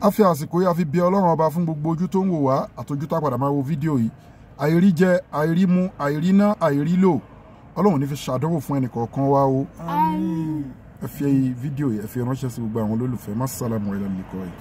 a fi àsìkò yìí a fi bí ọlọ́run ọba fún gbogbo ojú tó ń wò wá àtọ́jú tá a padà máa wo fídíò yìí àìrí jẹ àìrí mu àìrí ná àìrí lò ọlọ́run ní fi ṣàdánwò fún ẹnì kọ̀ọ̀kan wa o ẹ fi fídíò yìí ẹ fi ránṣẹ́ sí gbogbo àwọn olólùfẹ́ má sálàmù ẹ̀ lálẹ́ kọ́ yìí.